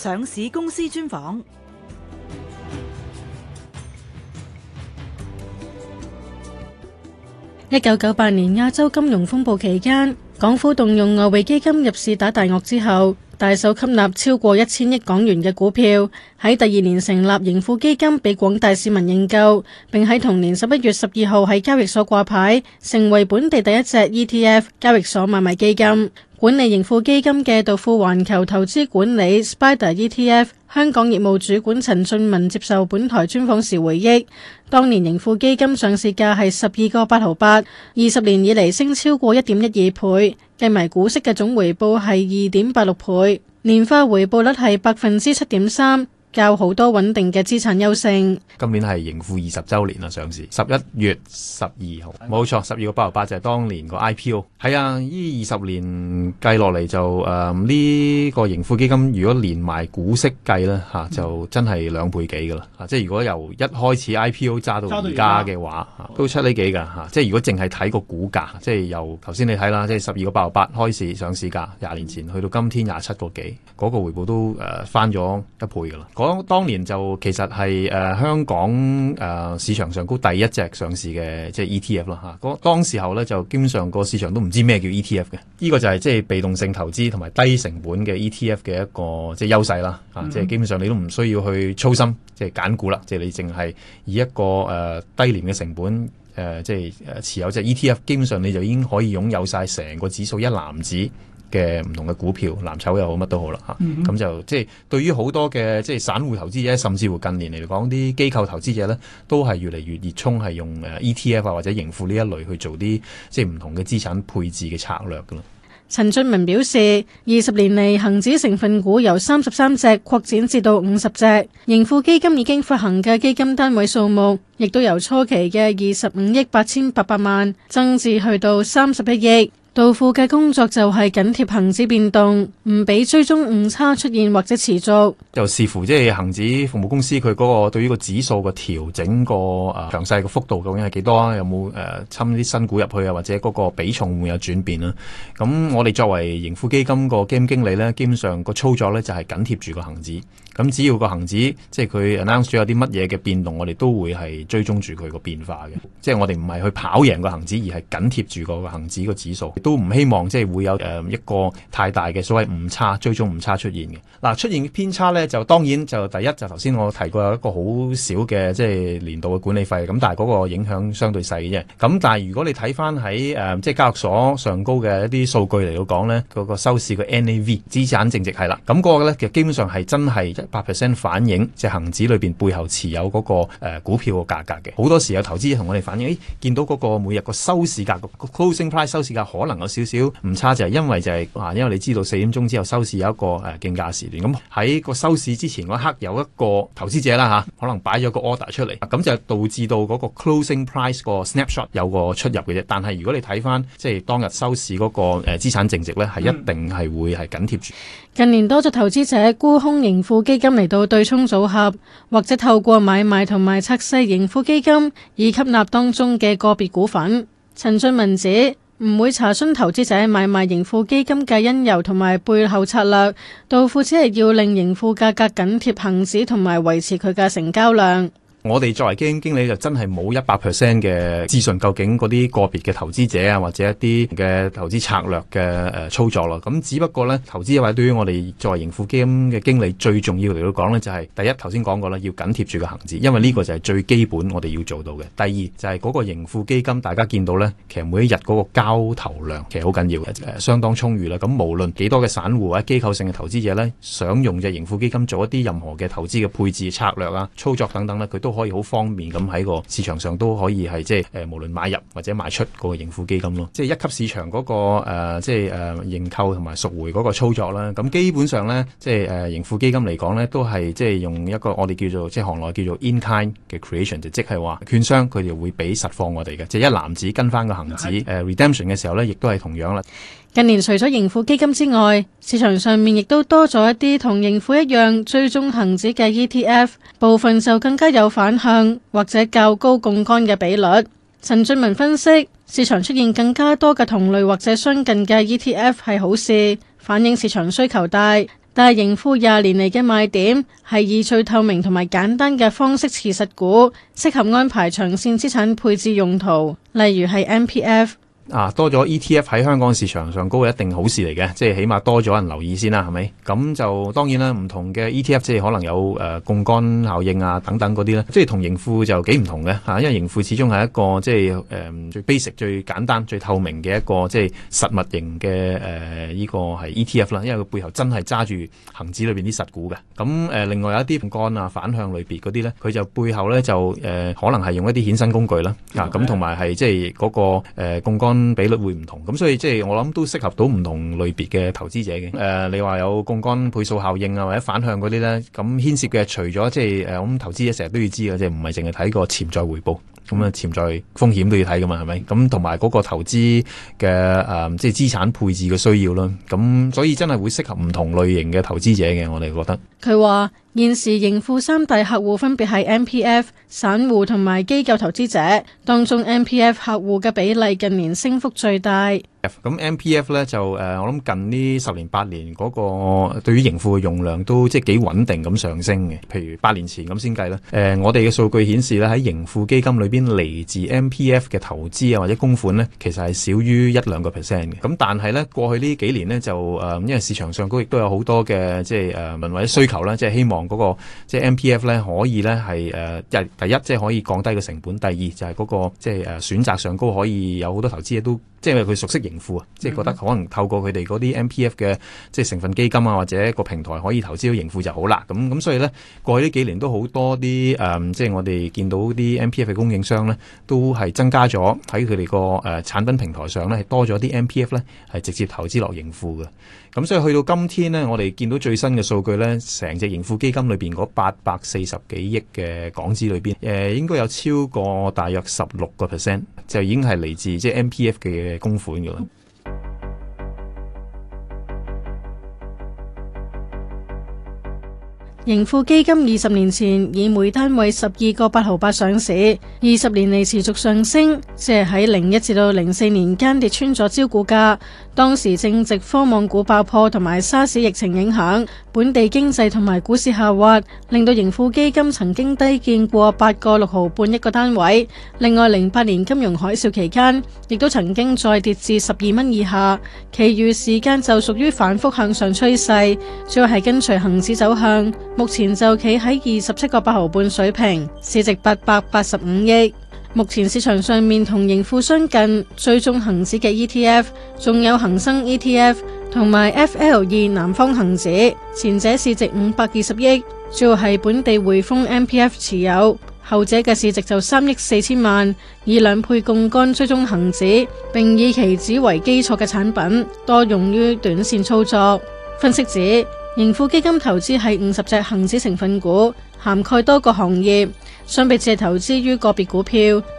上市公司專訪。一九九八年亞洲金融風暴期間，港府動用外匯基金入市打大鱷之後，大手吸納超過一千億港元嘅股票，喺第二年成立盈富基金，畀廣大市民認購，並喺同年十一月十二號喺交易所掛牌，成為本地第一隻 ETF 交易所買賣基金。管理盈富基金嘅道富環球投資管理 SPDR ETF 香港業務主管陳俊文接受本台專訪時回憶，當年盈富基金上市價係十二個八毫八，二十年以嚟升超過一點一二倍，計埋股息嘅總回報係二點八六倍，年化回報率係百分之七點三。有好多穩定嘅資產優勝。今年係盈富二十週年啦，上市十一月十二號，冇錯，十二個八十八就係當年個 IPO。係啊，呢二十年計落嚟就誒呢個盈富基金，如果連埋股息計呢，就真係兩倍幾噶啦吓，即係如果由一開始 IPO 揸到而家嘅話吓，都出呢幾噶吓。即係如果淨係睇個股價，即係由頭先你睇啦，即係十二個八十八開始上市價，廿年前去到今天廿七個幾，嗰個回報都誒翻咗一倍噶啦。當，當年就其實係誒、呃、香港誒、呃、市場上高第一隻上市嘅即係 ETF 啦、啊、嚇。當時候咧就基本上個市場都唔知咩叫 ETF 嘅。依、這個就係即係被動性投資同埋低成本嘅 ETF 嘅一個即係優勢啦。啊，嗯、即係基本上你都唔需要去操心即係揀股啦。即係你淨係以一個誒、呃、低廉嘅成本誒、呃、即係誒持有隻 ETF，基本上你就已經可以擁有晒成個指數一籃子。嘅唔同嘅股票，藍籌又好，乜都好啦咁、嗯、就即係、就是、對於好多嘅即係散戶投資者，甚至乎近年嚟講啲機構投資者咧，都係越嚟越熱衷係用 ETF 或者盈富呢一類去做啲即係唔同嘅資產配置嘅策略噶。陳俊文表示，二十年嚟，恒指成份股由三十三隻擴展至到五十隻，盈富基金已經發行嘅基金單位數目，亦都由初期嘅二十五億八千八百萬增至去到三十一億。道富嘅工作就係緊貼恒指變動，唔俾追蹤誤差出現或者持續。又視乎即係恒指服務公司佢嗰個對於個指數個調整個啊詳細嘅幅度究竟係幾多啊？有冇誒侵啲新股入去啊？或者嗰個比重會有轉變啦咁我哋作為盈富基金個基金經理咧，基本上個操作咧就係緊貼住個恒指。咁只要個恒指即係、就、佢、是、announce 咗有啲乜嘢嘅變動，我哋都會係追蹤住佢個變化嘅。即、就、係、是、我哋唔係去跑贏個恒指，而係緊貼住個恒指個指數。都唔希望即係會有誒一個太大嘅所謂誤差，追蹤誤差出現嘅嗱，出現的偏差咧就當然就第一就頭先我提過有一個好少嘅即係年度嘅管理費，咁但係嗰個影響相對細嘅啫。咁但係如果你睇翻喺誒即係交易所上高嘅一啲數據嚟到講咧，嗰、那個收市嘅 NAV 資產淨值係啦，咁、那個個咧其實基本上係真係一百 percent 反映即係、就是、恒指裏邊背後持有嗰、那個誒、呃、股票嘅價格嘅。好多時有投資者同我哋反映，誒、哎、見到嗰個每日個收市價個 closing price 收市價。可。可能有少少唔差，就係、是、因為就係、是、啊，因為你知道四點鐘之後收市有一個誒競價時段。咁喺個收市之前嗰刻，有一個投資者啦吓、啊，可能擺咗個 order 出嚟，咁、啊、就導致到嗰個 closing price 個 snapshot 有個出入嘅啫。但係如果你睇翻即係當日收市嗰個誒資產淨值咧，係一定係會係緊貼住近年多咗投資者沽空盈富基金嚟到對沖組合，或者透過買賣同埋測試盈富基金以吸納當中嘅個別股份。陳俊文指。唔會查詢投資者買賣盈富基金嘅因由同埋背後策略，道富只係要令盈富價格緊貼恆指同埋維持佢嘅成交量。我哋作為基金經理就真係冇一百 percent 嘅資訊，資訊究竟嗰啲個別嘅投資者啊，或者一啲嘅投資策略嘅操作囉。咁只不過呢，投資一位對於我哋作為盈富基金嘅經理最重要嚟到講呢，就係第一頭先講過啦，要緊貼住個恒指，因為呢個就係最基本我哋要做到嘅。第二就係、是、嗰個盈富基金，大家見到呢，其實每一日嗰個交投量其實好緊要嘅，相當充裕啦。咁無論幾多嘅散戶或者機構性嘅投資者呢，想用隻盈富基金做一啲任何嘅投資嘅配置策略啊、操作等等呢，佢都。可以好方便咁喺個市場上都可以係即係誒，無論買入或者賣出個盈富基金咯，即係一級市場嗰個誒，即係誒認購同埋贖回嗰個操作啦。咁基本上咧，即係誒盈富基金嚟講咧，都係即係用一個我哋叫做即係行內叫做 in-kind 嘅 creation，就即係話券商佢哋會俾實貨我哋嘅，即係一籃子跟翻個恒指誒 redemption 嘅時候咧，亦都係同樣啦。近年除咗盈富基金之外，市場上面亦都多咗一啲同盈富一樣追蹤恒指嘅 ETF，部分就更加有反向或者較高槓桿嘅比率。陳俊文分析，市場出現更加多嘅同類或者相近嘅 ETF 係好事，反映市場需求大。但係盈富廿年嚟嘅賣點係以最透明同埋簡單嘅方式持實股，適合安排長線資產配置用途，例如係 MPF。啊，多咗 ETF 喺香港市場上高，一定好事嚟嘅，即係起碼多咗人留意先啦，係咪？咁就當然啦，唔同嘅 ETF 即係可能有誒槓桿效應啊，等等嗰啲咧，即係同盈富就幾唔同嘅、啊、因為盈富始終係一個即係誒最 basic、最簡單、最透明嘅一個即係實物型嘅誒呢個係 ETF 啦，因為佢背後真係揸住恒指裏面啲實股嘅。咁、啊呃、另外有一啲槓桿啊、反向類別嗰啲咧，佢就背後咧就、呃、可能係用一啲衍生工具啦，咁同埋係即係嗰、嗰個槓桿、呃比率會唔同，咁所以即係我諗都適合到唔同類別嘅投資者嘅。誒、呃，你話有槓桿配數效應啊，或者反向嗰啲咧，咁牽涉嘅除咗即係誒，我、就、諗、是呃、投資者成日都要知嘅，即係唔係淨係睇個潛在回報，咁啊潛在風險都要睇噶嘛，係咪？咁同埋嗰個投資嘅誒，即、呃、係、就是、資產配置嘅需要咯。咁所以真係會適合唔同類型嘅投資者嘅，我哋覺得。佢話。現時盈富三大客戶分別係 MPF、散戶同埋機構投資者，當中 MPF 客戶嘅比例近年升幅最大。.咁 M P F 咧就誒，我諗近呢十年八年嗰個對於盈富嘅容量都即係幾穩定咁上升嘅。譬如八年前咁先計啦。誒，我哋嘅數據顯示咧，喺盈富基金裏邊，嚟自 M P F 嘅投資啊，或者供款咧，其實係少於一兩個 percent 嘅。咁但係咧過去呢幾年咧就誒，因為市場上高亦都有好多嘅即係誒文位嘅需求啦，即係希望嗰、那個即係 M P F 咧可以咧係誒第一即係、就是、可以降低個成本，第二就係、是、嗰、那個即係誒選擇上高可以有好多投資都。即係佢熟悉盈富啊！即係覺得可能透過佢哋嗰啲 M P F 嘅即係成分基金啊，或者個平台可以投資到盈富就好啦。咁咁所以呢，過去呢幾年都好多啲誒、嗯，即係我哋見到啲 M P F 嘅供應商呢，都係增加咗喺佢哋個誒產品平台上呢，係多咗啲 M P F 呢，係直接投資落盈富嘅。咁所以去到今天呢，我哋見到最新嘅數據呢，成隻盈富基金裏邊嗰八百四十幾億嘅港幣裏邊，誒、呃、應該有超過大約十六個 percent 就已經係嚟自即係 M P F 嘅。嘅公款噶啦。盈富基金二十年前以每單位十二個八毫八上市，二十年嚟持續上升，只係喺零一至到零四年間跌穿咗招股價。當時正值科網股爆破同埋沙士疫情影響，本地經濟同埋股市下滑，令到盈富基金曾經低見過八個六毫半一個單位。另外零八年金融海嘯期間，亦都曾經再跌至十二蚊以下，其餘時間就屬於反覆向上趨勢，主要係跟隨恒指走向。目前就企喺二十七個八毫半水平，市值八百八十五億。目前市場上面同盈富相近最終恒指嘅 ETF，仲有恒生 ETF 同埋 FL 二南方恒指，前者市值五百二十億，主要係本地匯豐 MPF 持有；後者嘅市值就三億四千萬，以兩倍槓杆追蹤恒指，並以期指為基礎嘅產品，多用於短線操作。分析指。盈富基金投資係五十隻恒指成分股，涵蓋多個行業，相比只係投資於個別股票。